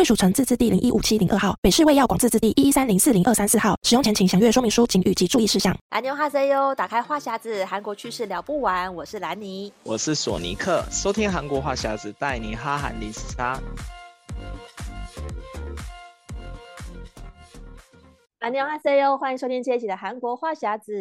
衛署藥廣字第零一五七零二號，北市衛藥廣字第一一三零四零二三四號。使用前請詳閱說明書警語及注意事項。藍牛哈 C U，打開話匣子，韓國趣事聊不完。我是蘭妮，我是索尼克。收聽韓國話匣子，帶你哈韓零時差。藍牛哈 C U，歡迎收聽這一期的韓國話匣子。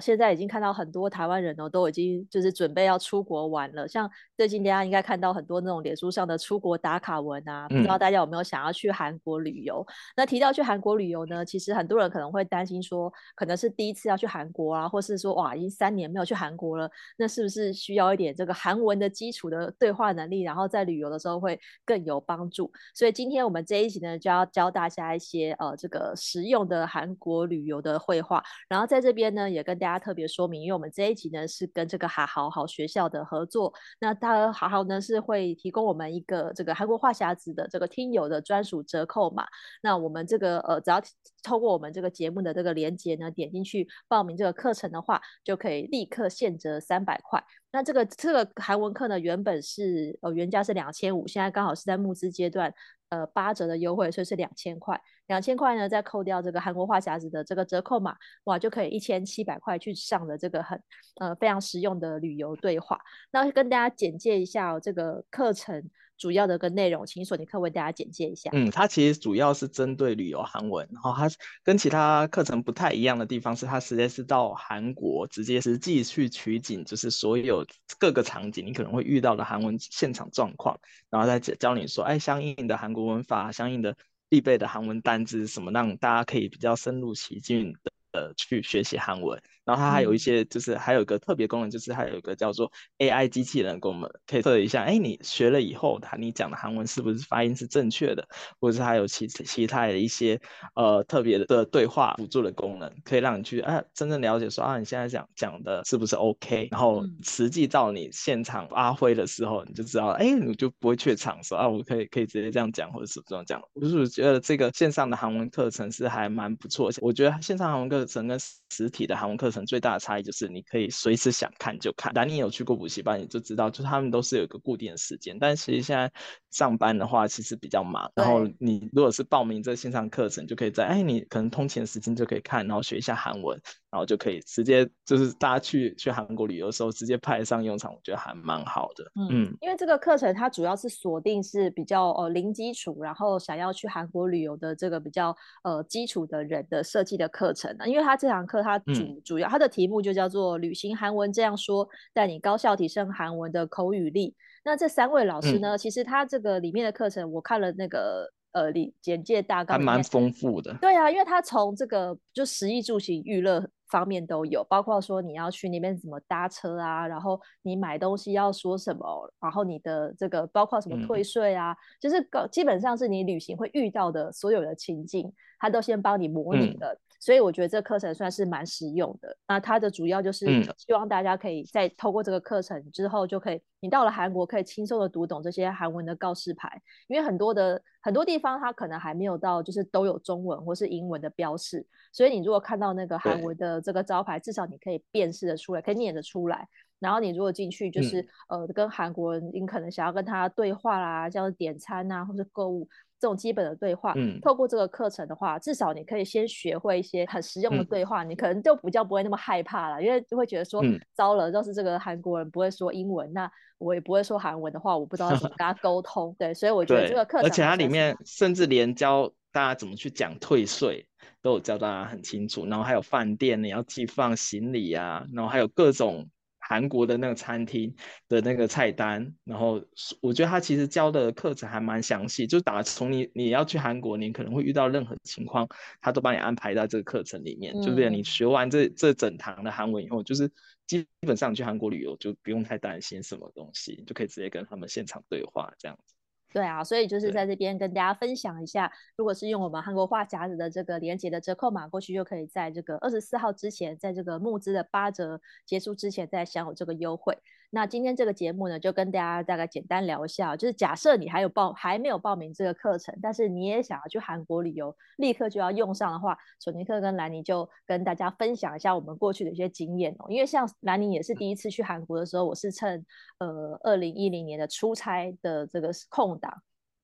現在已經看到很多台灣人哦，都已經就是準備要出國玩了。像最近大家應該看到很多那種臉書上的出國打卡文啊，不知道大家有沒有想要去韓國旅遊？嗯、那提到去韓國旅遊呢，其實很多人可能會擔心說，可能是第一次要去韓國啊，或是說哇，已經三年沒有去韓國了，那是不是需要一點這個韓文的基礎的對話能力，然後在旅遊的時候會更有幫助？所以今天我們這一集呢，就要教大家一些呃這個實用的韓國旅遊的會話。然後在這邊呢也。跟大家特別說明，因為我們這一集呢是跟這個 Hahow 好學校的合作，那他 Hahow 呢是會提供我們一個這個韓國話匣子的這個聽友的專屬折扣碼，那我們這個呃只要透過我們這個節目的這個連接呢，點進去報名這個課程的話，就可以立刻現折三百塊。那這個這個韓文課呢，原本是呃原價是兩千五，現在剛好是在募資階段，呃八折的優惠，所以是兩千塊。兩千塊呢，再扣掉這個韓國話匣子的這個折扣碼，哇，就可以一千七百塊去上的這個很呃非常實用的旅遊對話。那我跟大家簡介一下，哦，這個課程主要的個內容，請你索尼克為大家簡介一下。嗯，它其實主要是針對旅遊韓文，然後它跟其他課程不太一樣的地方是，它實在是到韓國直接是繼續取景，就是所有。各個場景你可能會遇到的韓文現場狀況，然後再教你說，哎，相應的韓國文法，相應的必備的韓文單詞，什麼讓大家可以比較深入其境的去學習韓文。然後它還有一些，就是還有一個特別功能，就是它有一個叫做 A I 機器人，功能，可以測一下。哎，你學了以後，它你講的韓文是不是發音是正確的，或者是還有其其他的一些呃特別的對話輔助的功能，可以讓你去啊真正了解說啊你現在講講的是不是 OK。然後實際到你現場發揮的時候，你就知道哎，你就不會怯場，說啊我可以可以直接這樣講，或者是這樣講。我就是覺得這個線上的韓文課程是還蠻不錯的，我覺得線上韓文課程跟實體的韓文課程，最大的差異就是，你可以隨時想看就看。那你有去過補習班，你就知道，就他們都是有一個固定的時間。但其實現在，上班的話其實比較忙，對然後你如果是報名這線上課程，就可以在哎，你可能通勤時間就可以看，然後學一下韓文，然後就可以直接就是大家去去韓國旅遊的時候直接派上用場，我覺得還蠻好的。嗯，嗯因為這個課程它主要是鎖定是比較呃零基礎，然後想要去韓國旅遊的這個比較呃基礎的人的設計的課程，因為它這堂課它主、嗯、主要它的題目就叫做旅行韓文這樣說，帶你高效提升韓文的口語力。那這三位老師呢？嗯、其實他這個裡面的課程，我看了那個呃，裡簡介大概還蠻豐富的。對啊，因為他從這個就食衣住行娛樂。方面都有，包括說你要去那邊怎麼搭車啊，然後你買東西要說什麼，然後你的這個包括什麼退稅啊，嗯、就是基本上是你旅行會遇到的所有的情境，他都先幫你模擬的。嗯、所以我覺得這課程算是蠻實用的。那它的主要就是希望大家可以在透過這個課程之後，就可以，嗯、你到了韓國可以輕鬆的讀懂這些韓文的告示牌，因為很多的很多地方它可能還沒有到，就是都有中文或是英文的標示，所以你如果看到那個韓文的，這個招牌至少你可以辨識的出來，可以念得出來。然後你如果進去就是、嗯、呃跟韓國人，你可能想要跟他對話啦，像是點餐啊，或者購物這種基本的對話，嗯、透過這個課程的話，至少你可以先學會一些很實用的對話，嗯、你可能就比較不會那麼害怕了，嗯、因為就會覺得說，嗯、糟了，若是這個韓國人不會說英文，嗯、那我也不會說韓文的話，我不知道怎麼跟他溝通。 對，所以我覺得這個課程對，而且它裡面甚至連教。 大家怎麼去講退稅，都有教大家很清楚。然後還有飯店你要寄放行李啊，然後還有各種韓國的那個餐廳的那個菜單。然後我覺得他其實教的課程還蠻詳細，就打從你你要去韓國，你可能會遇到任何情況，他都幫你安排在這個課程裡面，嗯、就是你學完這這整堂的韓文以後，就是基本上去韓國旅遊就不用太擔心什麼東西，就可以直接跟他們現場對話這樣子。對啊，所以就是在這邊跟大家分享一下，對如果是用我們韓國話匣子的這個連結的折扣碼，過去就可以在這個二十四號之前，在這個募資的八折結束之前，再享有這個優惠。那今天這個節目呢，就跟大家大概簡單聊一下，就是假設你還有報還沒有報名這個課程，但是你也想要去韓國旅遊，立刻就要用上的話，索尼克跟蘭尼就跟大家分享一下我們過去的一些經驗哦。因為像蘭尼也是第一次去韓國的時候，我是趁，呃二零一零年的出差的這個空檔，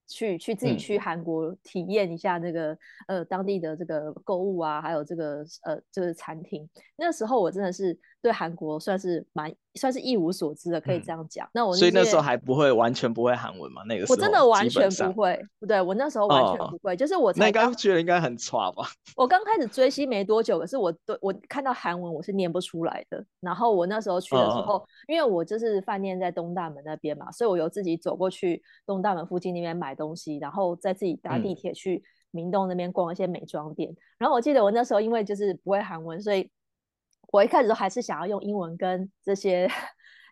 去去自己去韓國體驗一下那個、嗯、呃當地的這個購物啊，還有這個呃這個餐廳。那時候我真的是對韓國算是蠻。算是一無所知的，可以這樣講。嗯、那我那所以那時候還不會完全不會韓文嘛？那個時候我真的完全不會，不對，我那時候完全不會。哦、就是我剛那剛覺得應該很差吧？我剛開始追星沒多久，可是我對我看到韓文我是念不出來的。然後我那時候去的時候，哦、因為我就是飯店在東大門那邊嘛，所以我有自己走過去東大門附近那邊買東西，然後再自己搭地鐵去明洞那邊逛一些美妝店。嗯、然後我記得我那時候因為就是不會韓文，所以。我一開始都還是想要用英文跟這些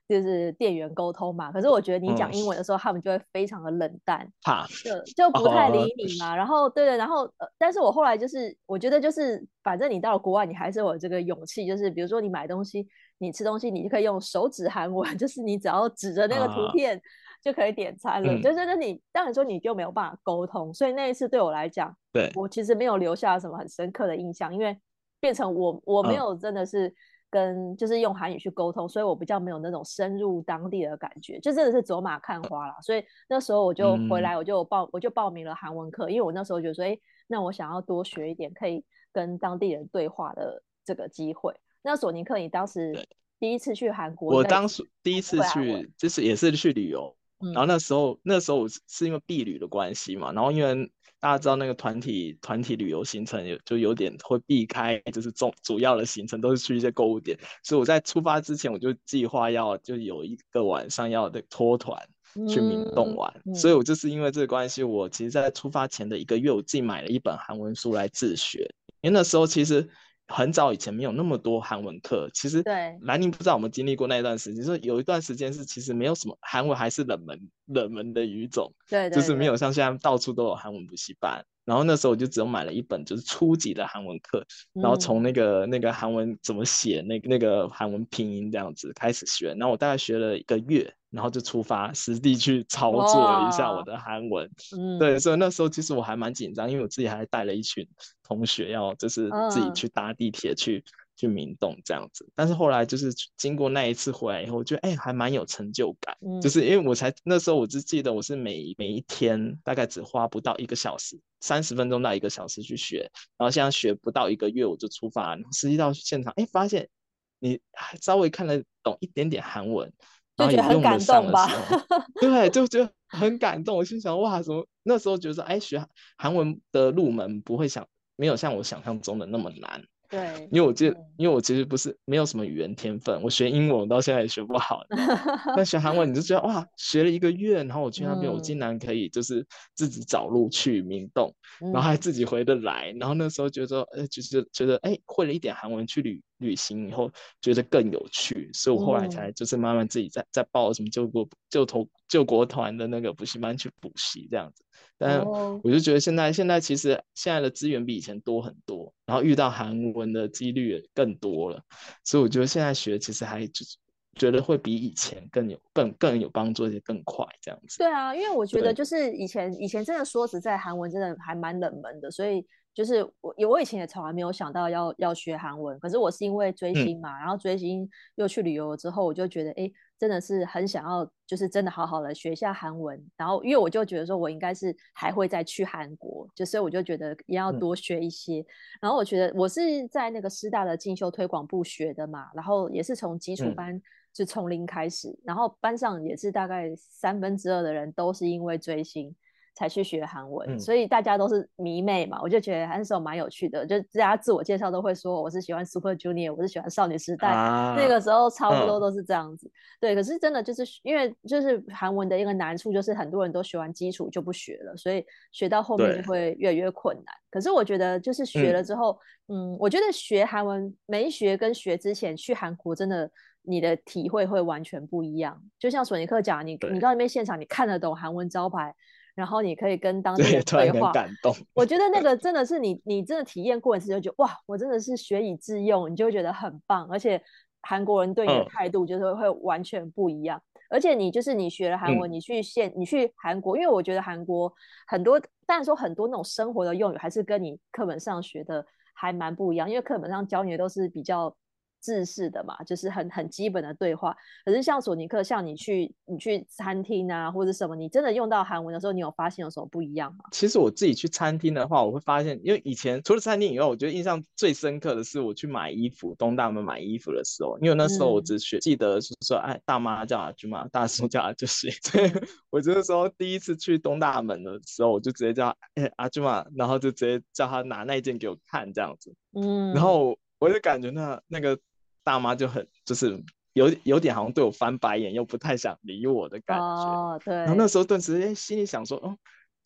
就是店員溝通嘛，可是我覺得你講英文的時候，嗯、他們就會非常的冷淡，怕就就不太理你嘛。啊、然後，對對，然後呃，但是我後來就是我覺得就是，反正你到了國外，你還是有這個勇氣，就是比如說你買東西，你吃東西，你就可以用手指韓文，就是你只要指着那個圖片就可以點餐了。啊嗯、就是那你當然說你就沒有辦法溝通，所以那一次對我來講，對我其實沒有留下什麼很深刻的印象，因為。變成我我沒有真的是跟、嗯、就是用韓語去溝通，所以我比較沒有那種深入當地的感覺，就真的是走馬看花啦。所以那時候我就回來，我就報、嗯、我就報名了韓文課，因為我那時候就說，哎、欸，那我想要多學一點可以跟當地人對話的這個機會。那索尼克，你當時第一次去韓國對，我當時第一次去就是也是去旅遊，嗯、然後那時候那時候是因為 B 旅的關係嘛，然後因為。大家知道那個團體團體旅遊行程有就有點會避開，就是重主要的行程都是去一些購物點，所以我在出發之前我就計劃要就有一個晚上要的脫團去明洞玩，嗯嗯、所以我就是因為這個關係，我其實在出發前的一個月，我自己買了一本韓文書來自學，因為那時候其實。很早以前沒有那麼多韓文課，其實對南寧不知道我們經歷過那段時間，對就是有一段時間是其實沒有什麼韓文還是冷門冷門的語種，對、對、對，就是沒有像現在到處都有韓文補習班，然後那時候我就只有買了一本就是初級的韓文課，然後從那個、嗯、那個韓文怎麼寫，那那個韓文拼音這樣子開始學，然後我大概學了一個月。然後就出發實地去操作了一下我的韓文，哦嗯、對，所以那時候其實我還蠻緊張，因為我自己還帶了一群同學，要就是自己去搭地鐵去、嗯、去明洞這樣子。但是後來就是經過那一次回來以後，我覺得哎還蠻有成就感，嗯、就是因為我才那時候我只記得我是每每一天大概只花不到一個小時，三十分鐘到一個小時去學，然後現在學不到一個月我就出發，然後實際到現場哎發現，你還稍微看得懂一點點韓文。就覺得很感動吧， 對，就覺得很感動。我心想，哇，怎麼那時候覺得，哎、欸，學韓文的入門不會想，沒有像我想象中的那麼難。對，對因為我記，因為我其實不是沒有什麼語言天分，對我學英文到現在也學不好。那 學韓文你就知道，哇，學了一個月，然後我去那邊，嗯、我竟然可以就是自己找路去明洞，嗯、然後還自己回得來。然後那時候覺得，哎、呃，就是覺得，哎，會了一點韓文去旅旅行以後，覺得更有趣。所以，我後來才就是慢慢自己在在報什麼救國、嗯、救頭救國團的那個補習班去補習這樣子。但我就覺得現在、oh. 現在其實現在的資源比以前多很多，然後遇到韓文的幾率也更多了，所以我覺得現在學其實還就是覺得會比以前更有更更有幫助一些，更快這樣子。對啊，因為我覺得就是以前對以前真的說實在，韓文真的還蠻冷門的，所以就是我我以前也從來沒有想到要要學韓文，可是我是因為追星嘛，嗯、然後追星又去旅遊之後，我就覺得哎。誒真的是很想要，就是真的好好的學一下韓文，然後因為我就覺得說，我應該是還會再去韓國，就所以我就覺得也要多學一些。嗯、然後我覺得我是在那個師大的進修推廣部學的嘛，然後也是從基礎班、嗯、就從零開始，然後班上也是大概三分之二的人都是因為追星，才去學韓文，嗯、所以大家都是迷妹嘛，我就覺得那時候蠻有趣的，就大家自我介紹都會說我是喜歡 Super Junior，我是喜歡少女時代，啊、那個時候差不多都是這樣子。啊、對，可是真的就是因為就是韓文的一個難處，就是很多人都學完基礎就不學了，所以學到後面就會越來越困難。對可是我覺得就是學了之後，嗯，嗯，我覺得學韓文沒學跟學之前去韓國，真的你的體會會完全不一樣。就像索尼克講，你你到那邊現場，你看得懂韓文招牌。然後你可以跟當地人對話，對，感動。我覺得那個真的是你，你真的體驗過一次就覺得哇，我真的是學以致用，你就會覺得很棒。而且韓國人對你的態度就是會完全不一樣。嗯、而且你就是你學了韓文，嗯、你去現你去韓國，因為我覺得韓國很多，當然說很多那種生活的用語還是跟你課本上學的還蠻不一樣，因為課本上教你的都是比較。制式的嘛，就是很很基本的對話。可是像索尼克，像你去你去餐廳啊，或者什麼，你真的用到韓文的時候，你有發現有什麼不一樣嗎？其實我自己去餐廳的話，我會發現，因為以前除了餐廳以外，我覺得印象最深刻的是我去買衣服，東大門買衣服的時候。因為那時候我只學、嗯、記得是說，哎，大媽叫阿珠瑪，大叔叫阿朱西。所以，我就是說，第一次去東大門的時候，我就直接叫哎阿珠瑪，然後就直接叫他拿那一件給我看這樣子。嗯，然後我就感覺那那個。大媽就很就是有有點好像對我翻白眼，又不太想理我的感覺。Oh, 對然後那時候頓時哎心裡想說，嗯、哦，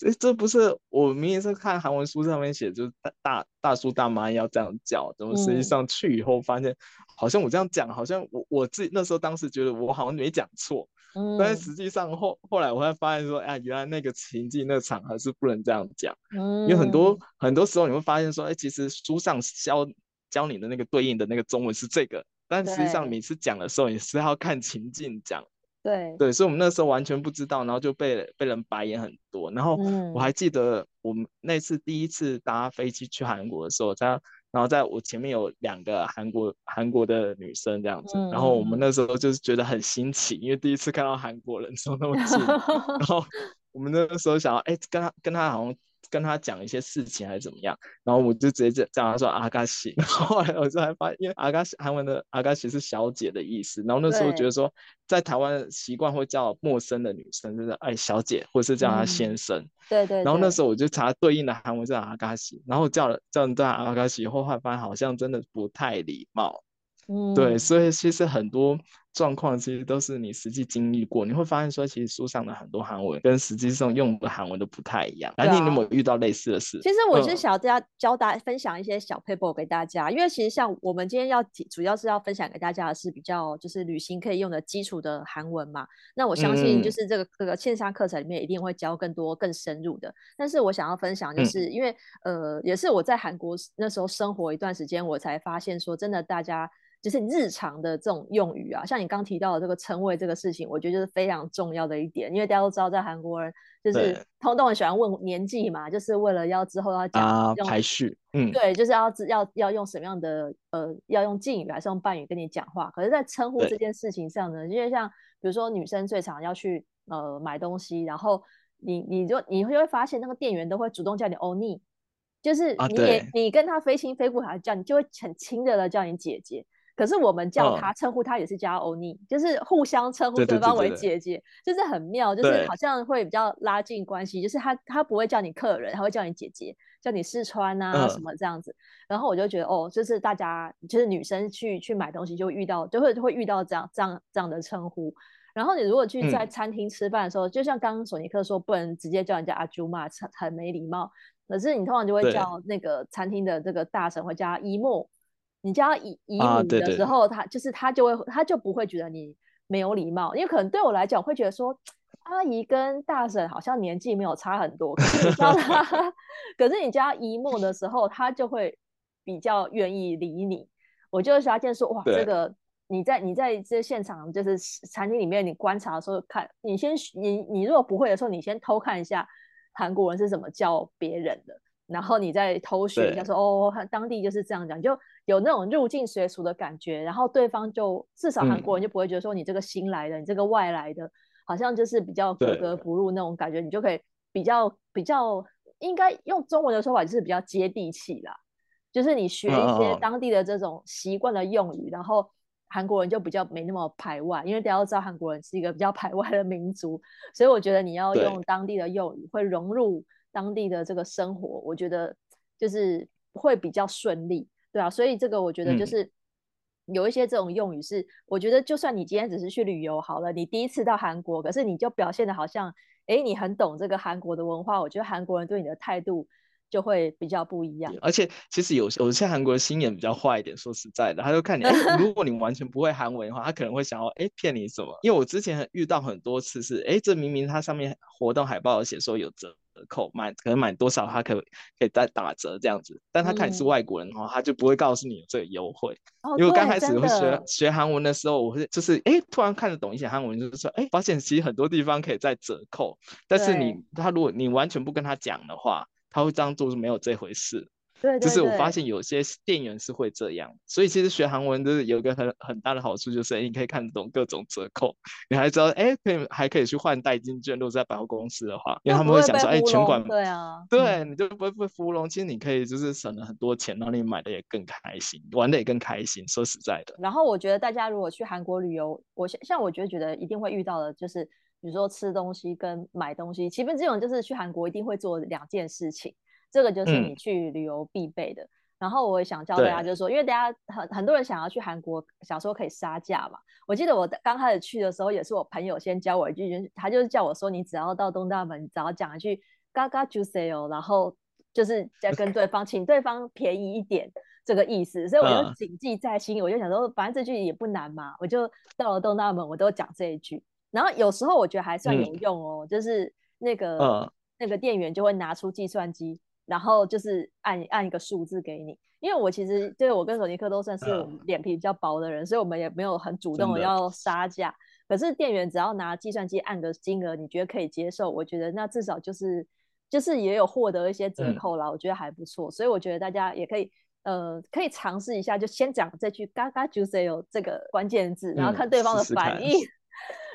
哎，這不是我，明明是看韓文書上面寫，就是大大大叔大媽要這樣叫，怎麼實際上去以後發現，嗯、好像我這樣講，好像我我自己那時候當時覺得我好像沒講錯。嗯。但實際上後後來我會發現說，哎，原來那個情境、那場合是不能這樣講。嗯。因為很多很多時候你會發現說，哎，其實書上教。教你的那個對應的那個中文是這個，但實際上每次講的時候也是要看情境講。對對，所以我們那時候完全不知道，然後就被被人白眼很多。然後我還記得我們那次第一次搭飛機去韓國的時候，他、嗯、然後在我前面有兩個韓國韓國的女生這樣子，嗯、然後我們那時候就是覺得很新奇，因為第一次看到韓國人坐那麼近， 然後我們那個時候想，哎，跟他跟他好像。跟他講一些事情還是怎麼樣，然後我就直接叫他說阿嘎西，然後，後來我就還發現，因為阿嘎西韓文的阿嘎西是小姐的意思，然後那時候我覺得說對在台灣習慣會叫陌生的女生就是哎，小姐，或是叫她先生，嗯、對，對對。然後那時候我就查對應的韓文叫阿嘎西，然後叫了叫你對阿嘎西，後來發現好像真的不太禮貌，嗯，對，所以其實很多。狀況其實都是你實際經歷過，你會發現說，其實書上的很多韓文跟實際上用的韓文都不太一樣。對、啊。那你有沒有遇到類似的事？其實我是想要大家教大家分享一些小撇步給大家，因為其實像我們今天要主要是要分享給大家的是比較就是旅行可以用的基礎的韓文嘛。那我相信就是這個、嗯、這個線上課程裡面一定會教更多更深入的。但是我想要分享的就是、嗯、因為呃也是我在韓國那時候生活一段時間，我才發現說真的大家。就是日常的這種用語啊，像你剛提到的這個稱謂這個事情，我覺得就是非常重要的一點，因為大家都知道，在韓國人就是對通通很喜歡問年紀嘛，就是為了要之後要講、啊、排序，嗯，對，就是要要要用什麼樣的呃，要用敬語還是用半語跟你講話。可是，在稱呼這件事情上呢，對因為像比如說女生最常要去呃買東西，然後你你就你就會發現那個店員都會主動叫你歐尼，就是你也、啊、你跟他非親非故，他還叫你，就會很親熱的叫你姐姐。可是我們叫他、哦、稱呼他也是叫歐尼，就是互相稱呼對方為姐姐，就是很妙，就是好像會比較拉近關係。對就是他她不會叫你客人，他會叫你姐姐，叫你試穿啊什麼這樣子。哦、然後我就覺得哦，就是大家就是女生去去買東西就遇到，就會會遇到這樣這樣這樣的稱呼。然後你如果去在餐廳吃飯的時候，嗯、就像剛剛索尼克說，不能直接叫人家阿朱嘛，很很沒禮貌。可是你通常就會叫那個餐廳的這個大嬸，對會叫伊莫。你叫姨姨母的時候，啊、對對，他就是他就會，他就不會覺得你沒有禮貌，因為可能對我來講我會覺得說，阿姨跟大嬸好像年紀沒有差很多。可是你叫 姨母的時候，他就會比較願意理你。我就發現說，哇，這個你在你在這現場，就是餐廳裡面，你觀察的時候看，看你先你你如果不會的時候，你先偷看一下韓國人是怎麼叫別人的。然後你再偷學一下說，說對哦，當地就是這樣講，就有那種入境隨俗的感覺。然後對方就至少韓國人就不會覺得說你這個新來的，嗯、你這個外來的，好像就是比較格格不入那種感覺。對你就可以比較比較，應該用中文的說法就是比較接地氣啦。就是你學一些當地的這種習慣的用語，嗯、然後韓國人就比較沒那麼排外，因為大家都知道韓國人是一個比較排外的民族，所以我覺得你要用當地的用語會融入當地的這個生活，我覺得就是會比較順利，對啊，所以這個我覺得就是有一些這種用語是，嗯，我覺得就算你今天只是去旅遊好了，你第一次到韓國，可是你就表現得好像，哎，你很懂這個韓國的文化，我覺得韓國人對你的態度就會比較不一樣。而且其實有有些韓國人心眼比較壞一點，說實在的，他就看你，哎，如果你完全不會韓文的話， 他可能會想要，哎，騙你什麼？因為我之前遇到很多次是，哎，這明明它上面活動海報有寫說有這。折扣買可能買多少他可以可以再打折這樣子，但他看你是外國人的話，嗯、他就不會告訴你有這個優惠。哦、因為剛開始會學學韓文的時候，我會就是哎、欸，突然看得懂一些韓文，就是說哎、欸，發現其實很多地方可以再折扣。但是你對他如果你完全不跟他講的話，他會當做是沒有這回事。對，就是我發現有些店員是會這樣，所以其實學韓文就是有一個很很大的好處，就是、哎，你可以看得懂各種折扣，你還知道哎，可以還可以去換代金券。如果在百貨公司的話，因為他們會想說哎，全館。對啊，對，你就不會被呼嚨，嗯、其實你可以就是省了很多錢，然後你買的也更開心，玩的也更開心。說實在的，然後我覺得大家如果去韓國旅遊，我像像我覺得覺得一定會遇到的就是，比如說吃東西跟買東西，其實這種就是去韓國一定會做兩件事情。這個就是你去旅遊必備的。嗯、然後我也想教大家，就是說，對因為大家很很多人想要去韓國，想說可以殺價嘛。我記得我剛開始去的時候，也是我朋友先教我一句，他就是叫我說，你只要到東大門，你只要講一句“嘎嘎 juceo”，然後就是再跟對方 請對方便宜一點這個意思。所以我就謹記在心，啊、我就想說，反正這句也不難嘛。我就到了東大門，我都講這一句。然後有時候我覺得還算有用哦，嗯、就是那個、啊、那個店員就會拿出計算機。然後就是按按一個數字給你，因為我其實對我跟索尼克都算是臉皮比較薄的人，啊、所以我們也沒有很主動要殺價。的可是店員只要拿計算機按個金額，你覺得可以接受，我覺得那至少就是就是也有獲得一些折扣啦，嗯、我覺得還不錯。所以我覺得大家也可以呃可以嘗試一下，就先講這句“嘎嘎，就是有這個關鍵字，然後看對方的反應。嗯，試試看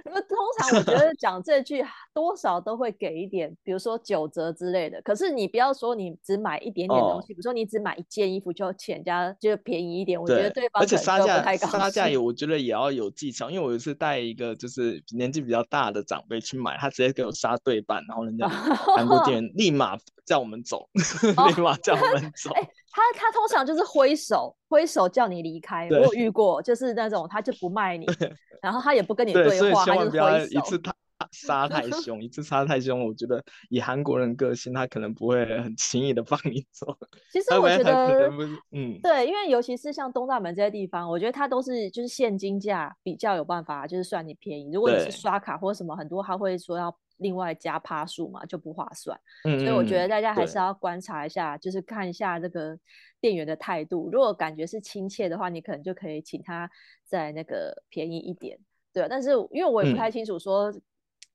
那麼通常我覺得講這句多少都會給一點， 比如說九折之類的。可是你不要說你只買一點點東西，哦、比如說你只買一件衣服就要減價，就便宜一點。對我覺得對方而且殺價殺價也我覺得也要有技巧。因為我有一次帶一個就是年紀比較大的長輩去買，他直接給我殺對半，然後人家韓國店員立馬叫我們走，哦、 立馬叫我們走。哎、哦 欸，他他通常就是揮手揮手叫你離開。對我有遇過就是那種他就不賣你，對然後他也不跟你對話。對萬不要一次他殺 太凶，一次殺太凶，我覺得以韓國人個性，他可能不會很輕易的放你走。其實我覺得，他可能不嗯，對，因為尤其是像東大門這些地方，我覺得他都是就是現金價比較有辦法，就是算你便宜。如果你是刷卡或者什麼，很多他會說要另外加趴數嘛，就不划算。所以我覺得大家還是要觀察一下，嗯、就是看一下這個店員的態度。如果感覺是親切的話，你可能就可以請他再那個便宜一點。對，但是因為我也不太清楚說，嗯、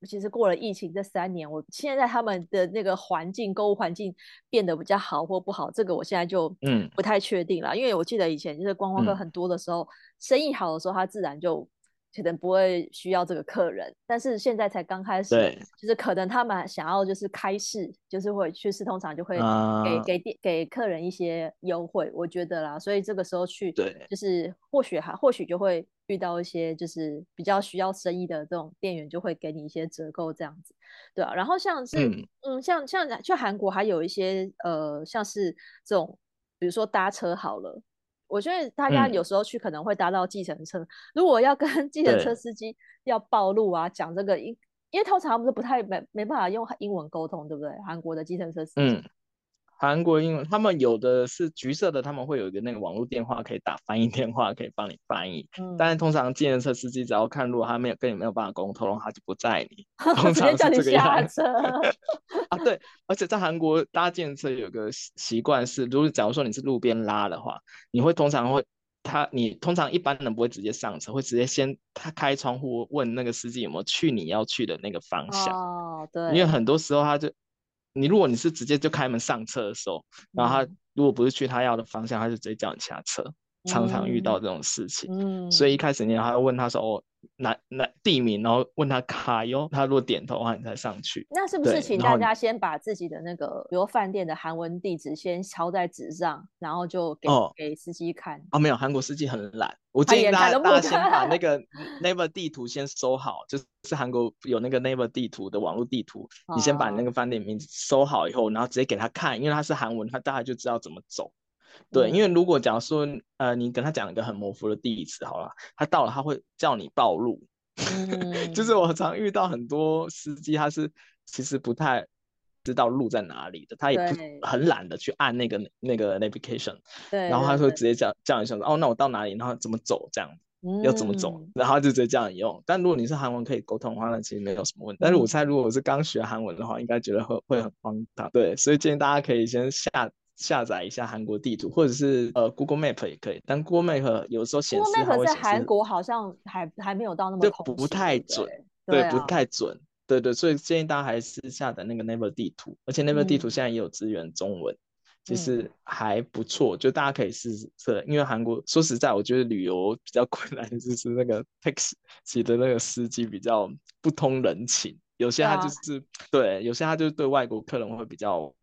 其實過了疫情這三年，我現在在他們的那個環境購物環境變得比較好或不好，這個我現在就嗯不太確定了。嗯、因為我記得以前就是觀光客很多的時候，嗯、生意好的時候，他自然就。可能不會需要這個客人，但是現在才剛開始，對就是可能他們想要就是開市，就是會去試通常就會、啊、給給店給客人一些優惠，我覺得啦，所以這個時候去，對，就是或許還或許就會遇到一些就是比較需要生意的這種店員就會給你一些折扣這樣子，對啊，然後像是嗯，嗯像像去韓國還有一些呃像是這種比如說搭車好了。我覺得大家有時候去可能會搭到計程車，嗯、如果要跟計程車司機要報路啊，講對這個因，因為通常我們都不太沒沒辦法用英文溝通，對不對？韓國的計程車司機。嗯韓國因為他們有的是橘色的，他們會有一個那個網絡電話，可以打翻譯電話，可以幫你翻譯。嗯。但是通常計程車司機只要看路，他沒有跟你沒有辦法溝通，他就不載你。通常是這個樣子，叫你下車。 啊，對。而且在韓國搭計程車有個習習慣是，如果假如說你是路邊拉的話，你會通常會他你通常一般人不會直接上車，會直接先他開窗戶問那個司機有沒有去你要去的那個方向。哦，對。因為很多時候他就。你如果你是直接就開門上車的時候，然後他如果不是去他要的方向，嗯、他就直接叫你下車，常常遇到這種事情。嗯嗯、所以一開始你還要問他說哦。那那地名，然後問他卡喲，他如果點頭的話，你再上去。那是不是請大家先把自己的那個，然後，比如飯店的韓文地址先抄在紙上，然後就給、哦、給司機看。哦，沒有，韓國司機很懶。他也不看。我建議大家大家先把那個 Naver 地圖先搜好， 就是韓國有那個 Naver 地圖的網絡地圖，你先把那個飯店名字搜好以後，然後直接給他看，因為它是韓文，他大概就知道怎麼走。對，因為如果假如說，呃，你跟他講一個很模糊的地址，好了，他到了他會叫你報路，嗯、 就是我常遇到很多司機，他是其實不太知道路在哪裡的，對他也很懶得去按那個那個 navigation，對，然後他說直接叫叫你選哦，那我到哪裡，然後怎麼走這樣，要怎麼走，嗯、然後就直接叫你用。但如果你是韓文可以溝通的話，那其實沒有什麼問題。嗯、但是我猜如果我是剛學韓文的話，應該覺得會會很慌張。對，所以建議大家可以先下。下載一下韓國地圖，或者是呃 Google Map 也可以，但 Google Map 有時候顯示，顯示在韓國好像還還沒有到那麼，就不太準，對，對對啊、不太準，對對，所以建議大家還是下載那個 Naver 地圖，而且 Naver 地圖現在也有支援，中文，嗯、其實還不錯，就大家可以試試。嗯、因為韓國說實在，我覺得旅遊比較困難的就是那個 taxi 的那個司機比較不通人情，有些他就是、啊、對，有些他就對外國客人會比較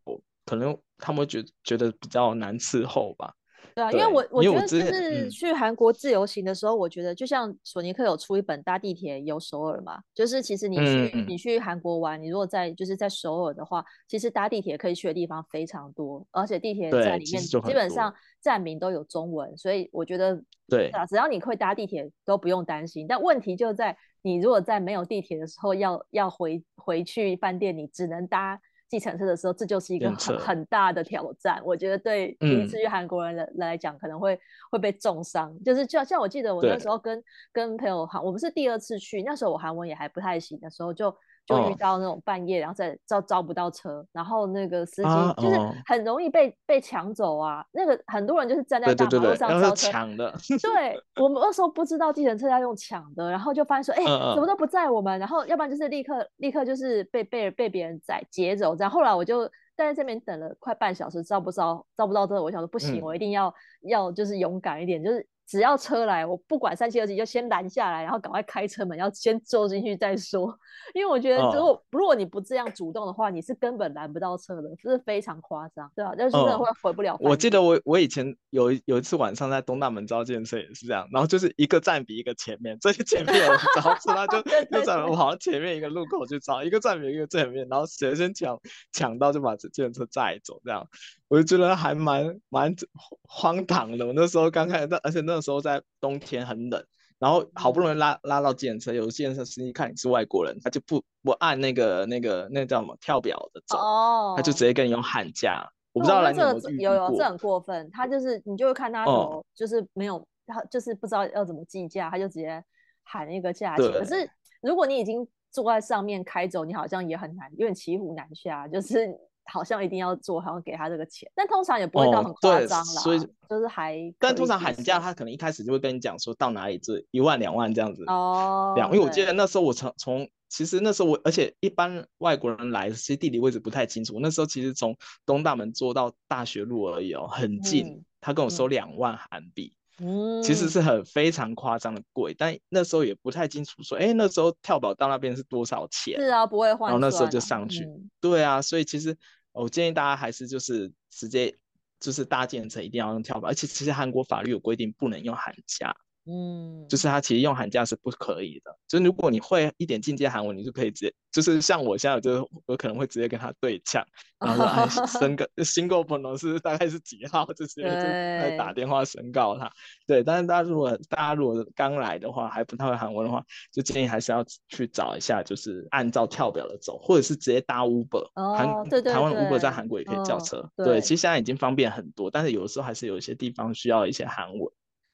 可能，他們覺得覺得比較難伺候吧？對啊，對，因為我我覺得就是去韓國自由行的時候，嗯、我覺得就像索尼克有出一本搭地鐵遊首爾嘛，就是其實你去、嗯、你去韓國玩，你如果在就是在首爾的話，其實搭地鐵可以去的地方非常多，而且地鐵在裡面基本上站名都有中文，所以我覺得對，只要你會搭地鐵都不用擔心。但問題就在你如果在沒有地鐵的時候要要回回去飯店，你只能搭。計程車的時候，這就是一個很很大的挑戰。我覺得對第一次去韓國人來來講，嗯、可能會會被重傷。就是就像我記得我那時候跟對跟朋友我，我不是第二次去，那時候我韓文也還不太行的時候就。就遇到那種半夜，oh. 然後再招招不到車，然後那個司機就是很容易被、oh. 被搶走啊。那個很多人就是站在大馬路上招車，搶的。 對我們那時候不知道計程車要用搶的，然後就發現說，哎、欸，怎麼都不載我們，然後要不然就是立刻立刻就是被被被別人載劫走。然後後來我就站在這邊等了快半小時，招不招招不到車，我想說不行，我一定要、嗯、要就是勇敢一點，就是。只要車來，我不管三七二十一，1, 就先攔下來，然後趕快開車門，要先坐進去再說。因為我覺得，如果、嗯、如果你不這樣主動的話，你是根本攔不到車的，這、就是非常誇張，對吧、啊？就是真的會回不了、嗯。我記得我我以前有有一次晚上在東大門招建設也是這樣，然後就是一個站比一個前面，這些前面有人招車，他就又 在往前面一個路口去招，一個站比一個前面，然後誰先搶搶到就把這建設車載走，這樣。我就覺得還蠻蠻荒唐的。我那時候剛開始，而且那時候在冬天很冷，然後好不容易拉拉到計程車，有些計程車司機看你是外國人，他就不不按那個那個那個叫什麼跳表的走，哦、他就直接跟你用喊價。我不知道來你有有、哦這個、有，有這很過分。他就是你就會看他怎麼，嗯、就是沒有，他就是不知道要怎麼計價，他就直接喊一個價錢。對可是如果你已經坐在上面開走，你好像也很難，有點騎虎難下，就是。好像一定要做，然後給他這個錢，但通常也不會到很誇張啦、哦、所以就是還，但通常喊價他可能一開始就會跟你講說到哪裡這一萬兩萬這樣子哦，兩，因為我記得那時候我從對從其實那時候我而且一般外國人來其實地理位置不太清楚，那時候其實從東大門坐到大學路而已哦，很近，嗯、他跟我收兩萬韓幣，嗯、其實是很非常誇張的貴，但那時候也不太清楚說，哎那時候跳錶到那邊是多少錢？是啊，不會換、啊，然後那時候就上去，嗯、對啊，所以其實。我建議大家還是就是直接就是搭計程車，一定要用跳錶，而且其實韓國法律有規定不能用喊價。嗯，就是他其實用喊價是不可以的，就是如果你會一點進階韓文，你就可以直接，就是像我現在就、這個、我可能會直接跟他對嗆，然後來申個新購朋友是大概是幾號對就是，就打電話申告他。對，但是大家如果大家如果剛來的話還不太會韓文的話，就建議還是要去找一下，就是按照跳表的走，或者是直接搭 Uber，韓、哦、對對對，台灣 Uber 在韓國也可以叫車。哦、對，對，其實現在已經方便很多，但是有的時候還是有一些地方需要一些韓文。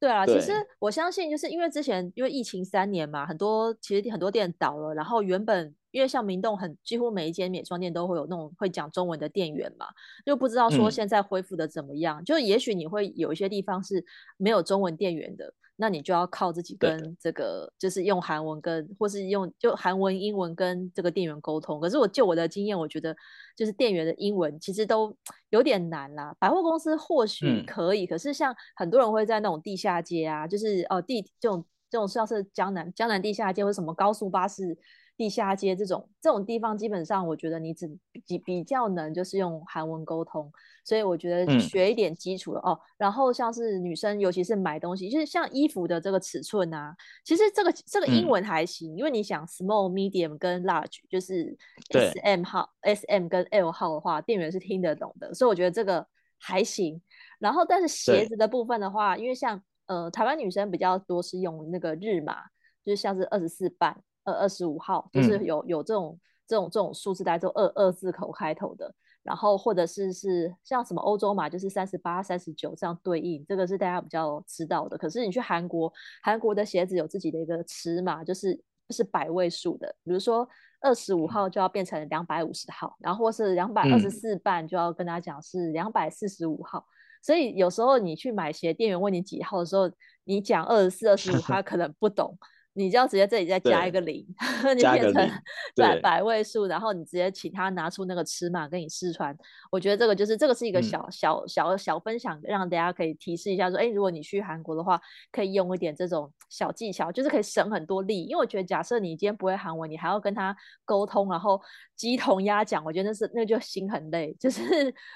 對啊，其實我相信，就是因為之前對因為疫情三年嘛，很多其實很多店倒了，然後原本。因為像明洞很、很幾乎每一間美妝店都會有那種會講中文的店員嘛，就不知道說現在恢復的怎麼樣？嗯、就是也許你會有一些地方是沒有中文店員的，那你就要靠自己跟這個，的就是用韓文跟，或是用就韓文、英文跟這個店員溝通。可是我就我的經驗，我覺得就是店員的英文其實都有點難啦。百貨公司或許可以，嗯、可是像很多人會在那種地下街啊，就是哦地這種這種像是江南江南地下街或者什麼高速巴士。地下街，這種這種地方，基本上我覺得你只比比較能就是用韓文溝通，所以我覺得學一點基礎的、嗯、哦。然後像是女生，尤其是買東西，就是像衣服的這個尺寸啊，其實這個這個英文還行，嗯、因為你想 small medium 跟 large，就是 sm S M 號對 S M 跟 L 號的話，店員是聽得懂的，所以我覺得這個還行。然後但是鞋子的部分的話，對因為像呃台灣女生比較多是用那個日碼，就是像是二十四半。二二十五號就是有有這種、嗯、這種這種數字，大家就二二字口開頭的，然後或者是是像什麼歐洲碼，就是三十八、三十九這樣對應，這個是大家比較知道的。可是你去韓國，韓國的鞋子有自己的一個尺碼，就是就是百位數的，比如說二十五號就要變成兩百五十號，然後或是兩百二十四半就要跟大家講是兩百四十五號。嗯、所以有時候你去買鞋，店員問你幾號的時候，你講二十四、二十五，他可能不懂。 你就要直接這裡再加一個零對， 你變成百百位數，對然後你直接請他拿出那個尺碼跟你試穿。我覺得這個就是這個是一個小小小小，小分享，讓大家可以提示一下說，哎、嗯欸，如果你去韓國的話，可以用一點這種小技巧，就是可以省很多力。因為我覺得，假設你今天不會韓文，你還要跟他溝通，然後雞同鴨講，我覺得那是那就心很累。就是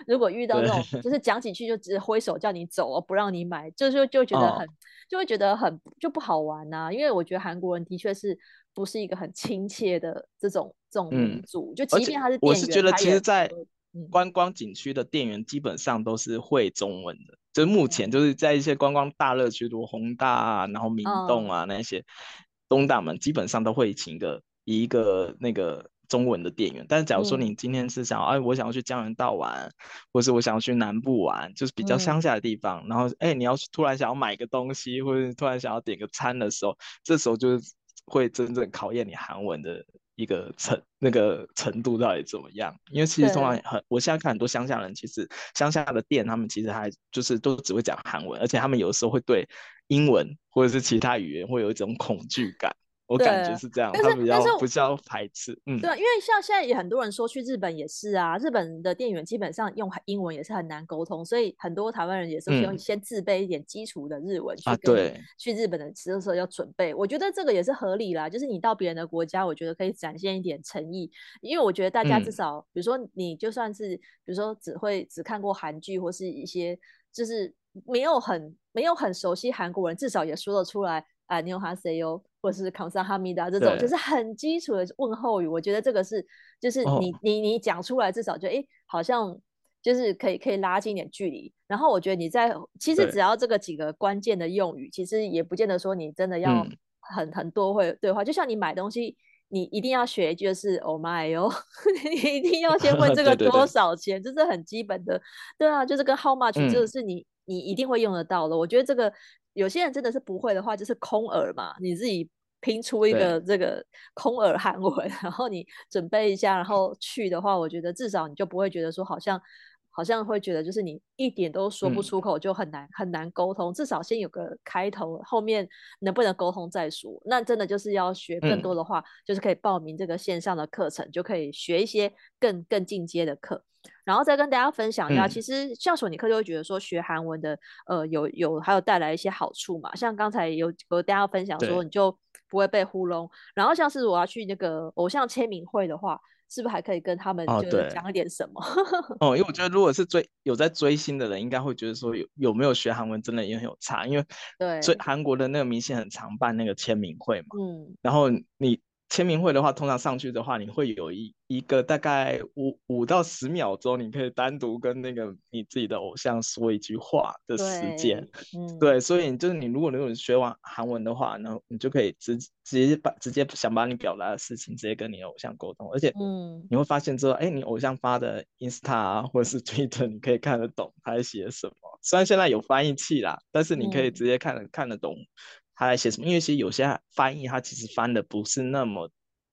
如果遇到那種，對就是講起去就直接揮手叫你走，不讓你買，就就就覺得很、哦、就會覺得很就不好玩吶、啊。因為我覺得。韓國人的確是不是一個很親切的這種這種民族，嗯、就即便他是我是覺得，其實，在觀光景區的店員基本上都是會中文的，嗯嗯、就是目前就是在一些觀光大樂區，如弘大啊，然後明洞啊那些，嗯、東大門基本上都會請一個一個那個。中文的店員，但是假如說你今天是想，嗯、哎，我想要去江原道玩，或是我想要去南部玩，就是比較鄉下的地方，嗯、然後，哎，你要突然想要買個東西，或者突然想要點個餐的時候，這時候就是會真正考驗你韓文的一個程那個程度到底怎麼樣。因為其實通常很，對我現在看很多鄉下人，其實鄉下的店他們其實還就是都只會講韓文，而且他們有時候會對英文或者是其他語言會有一種恐懼感。我感覺是這樣，但是但是我不需要排斥，對嗯，對，因為像現在有很多人說去日本也是啊，日本的店員基本上用英文也是很難溝通，所以很多台灣人也是需要先自備一點基礎的日文去對去日本的吃的時候要準備，啊、對我覺得這個也是合理啦，就是你到別人的國家，我覺得可以展現一點誠意，因為我覺得大家至少，嗯、比如說你就算是比如說只會只看過韓劇或是一些就是沒有很沒有很熟悉韓國人，至少也說得出來啊，你有哈 say yo 或是康薩哈米達這種，就是很基礎的問候語。對我覺得這個是，就是你、oh. 你你講出來，至少就哎、欸，好像就是可以可以拉近一點距離。然後我覺得你在其實只要這個幾個關鍵的用語，對其實也不見得說你真的要很、嗯、很多會對話。就像你買東西，你一定要學一、就、句是 “Oh my 喲、oh, ”，你一定要先問這個多少錢，這 對是很基本的。對啊，就是跟 how much 這就是你你一定會用得到的。我覺得這個有些人真的是不會的話，就是空耳嘛，你自己。拼出一個這個空耳韓文，對然後你準備一下，然後去的話，我覺得至少你就不會覺得說好像好像會覺得就是你一點都說不出口就很難、嗯、很難溝通，至少先有個開頭，後面能不能溝通再說。那真的就是要學更多的話，嗯、就是可以報名這個線上的課程，就可以學一些更更進階的課，然後再跟大家分享一下。嗯、其實像索尼克就會覺得說學韓文的，呃，有有，有還有帶來一些好處嘛，像剛才有跟大家分享說你就。不會被糊弄。然後像是我要去那個偶像簽名會的話，是不是還可以跟他們就是講一點什麼哦？哦，因為我覺得如果是追有在追星的人，應該會覺得說有有沒有學韓文真的也很有差，因為對追韓國的那個明星，很常辦那個簽名會嘛。嗯，然後你。簽名會的話，通常上去的話，你會有一一個大概五五到十秒鐘，你可以單獨跟那個你自己的偶像說一句話的時間。對，對嗯、所以就是你如果能夠學完韓文的話，然後你就可以直接直接把直接想把你表達的事情直接跟你的偶像溝通，而且你會發現之後，哎、嗯欸，你偶像發的 Insta、啊、或者是 Twitter，你可以看得懂他在寫什麼。雖然現在有翻譯器啦，但是你可以直接看得、嗯、看得懂。他在寫什麼？因為其實有些翻譯，他其實翻的不是那麼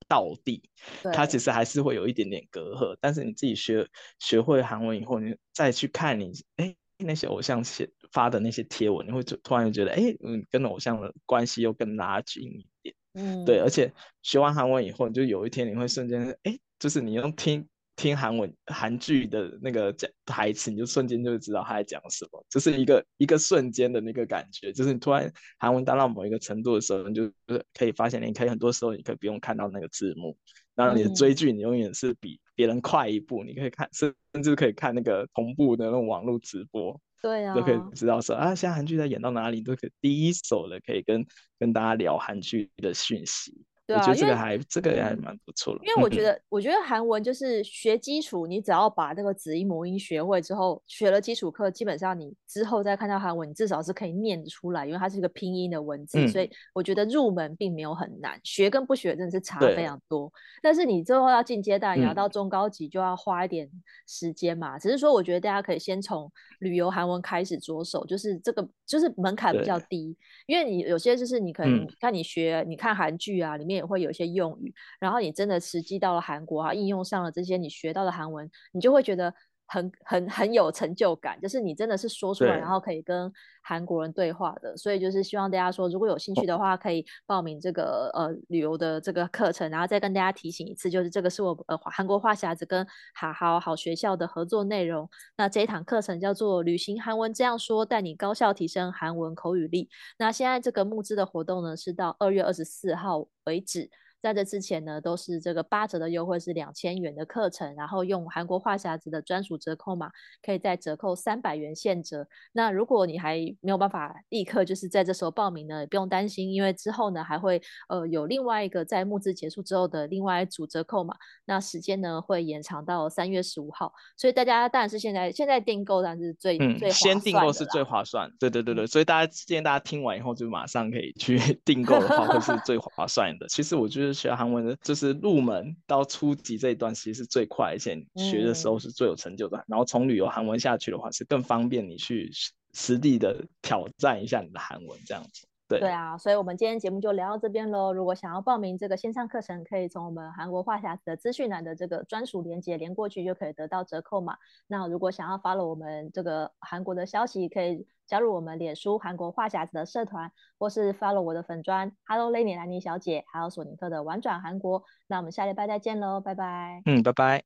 道地，對他其實還是會有一點點隔閡。但是你自己學學會韓文以後，你再去看你哎、欸、那些偶像寫發的那些貼文，你會突然就覺得哎、欸，嗯，跟偶像的關係又更拉近一點。嗯，對，而且學完韓文以後，你就有一天你會瞬間哎、欸，就是你用聽。聽韓文韓劇的那個台詞，你就瞬間就知道他在講什麼，就是一個一個瞬間的那個感覺。就是你突然韓文達到到某一個程度的時候，你就是可以發現，你可以很多時候你可以不用看到那個字幕，然後你的追劇你永遠是比別人快一步，嗯、你可以看，甚至可以看那個同步的那種網絡直播，對啊，都可以知道說啊，現在韓劇在演到哪裡，都可以第一手的可以跟跟大家聊韓劇的訊息。對啊，我覺得這個還為這個還蠻不錯的。因為我覺得， 我覺得韓文就是學基礎，你只要把這個子音母音學會之後，學了基礎課，基本上你之後再看到韓文，你至少是可以念出來，因為它是一個拼音的文字，嗯、所以我覺得入門並沒有很難，學跟不學真的是差非常多。對但是你之後要進階段，當然要到中高級就要花一點時間嘛。嗯、只是說，我覺得大家可以先從旅遊韓文開始着手，就是這個就是門檻比較低，對因為你有些就是你可能你看你學，嗯、你看韓劇啊裡面。也會有一些用語，然後你真的實際到了韓國啊，應用上了這些你學到的韓文，你就會覺得。很很很有成就感，就是你真的是說出來，對然後可以跟韓國人對話的，所以就是希望大家說，如果有興趣的話，可以報名這個呃旅遊的這個課程，然後再跟大家提醒一次，就是這個是我呃韓國話匣子跟好好好學校的合作內容，那這一堂課程叫做《旅行韓文這樣說》，帶你高效提升韓文口語力。那現在這個募資的活動呢，是到二月二十四號為止。在這之前呢，都是這個八折的優惠，是兩千元的課程，然後用韓國話匣子的專屬折扣碼，可以再折扣三百元現折。那如果你還沒有辦法立刻就是在這時候報名呢，也不用擔心，因為之後呢還會呃有另外一個在募資結束之後的另外一組折扣碼。那時間呢會延長到三月十五號，所以大家當然是現在現在訂購當然是最、嗯、最先訂購是最划算，對對對對，所以大家建議大家聽完以後就馬上可以去訂購的話，會 是最划算的。其實我覺得。學韓文的，就是入門到初級這一段，其實是最快，而且學的時候是最有成就感。嗯、然後從旅遊韓文下去的話，是更方便你去實地的挑戰一下你的韓文，這樣子。對啊，所以我們今天節目就聊到這邊嘍。如果想要報名這個線上課程，可以從我們韓國話匣子的資訊欄的這個專屬鏈接連過去就可以得到折扣碼。那如果想要 follow 我們這個韓國的消息，可以加入我們臉書韓國話匣子的社團，或是 follow 我的粉專 Hello Lainey 蘭妮小姐，還有索尼克的玩轉韓國。那我們下禮拜再見嘍，拜拜。嗯，拜拜。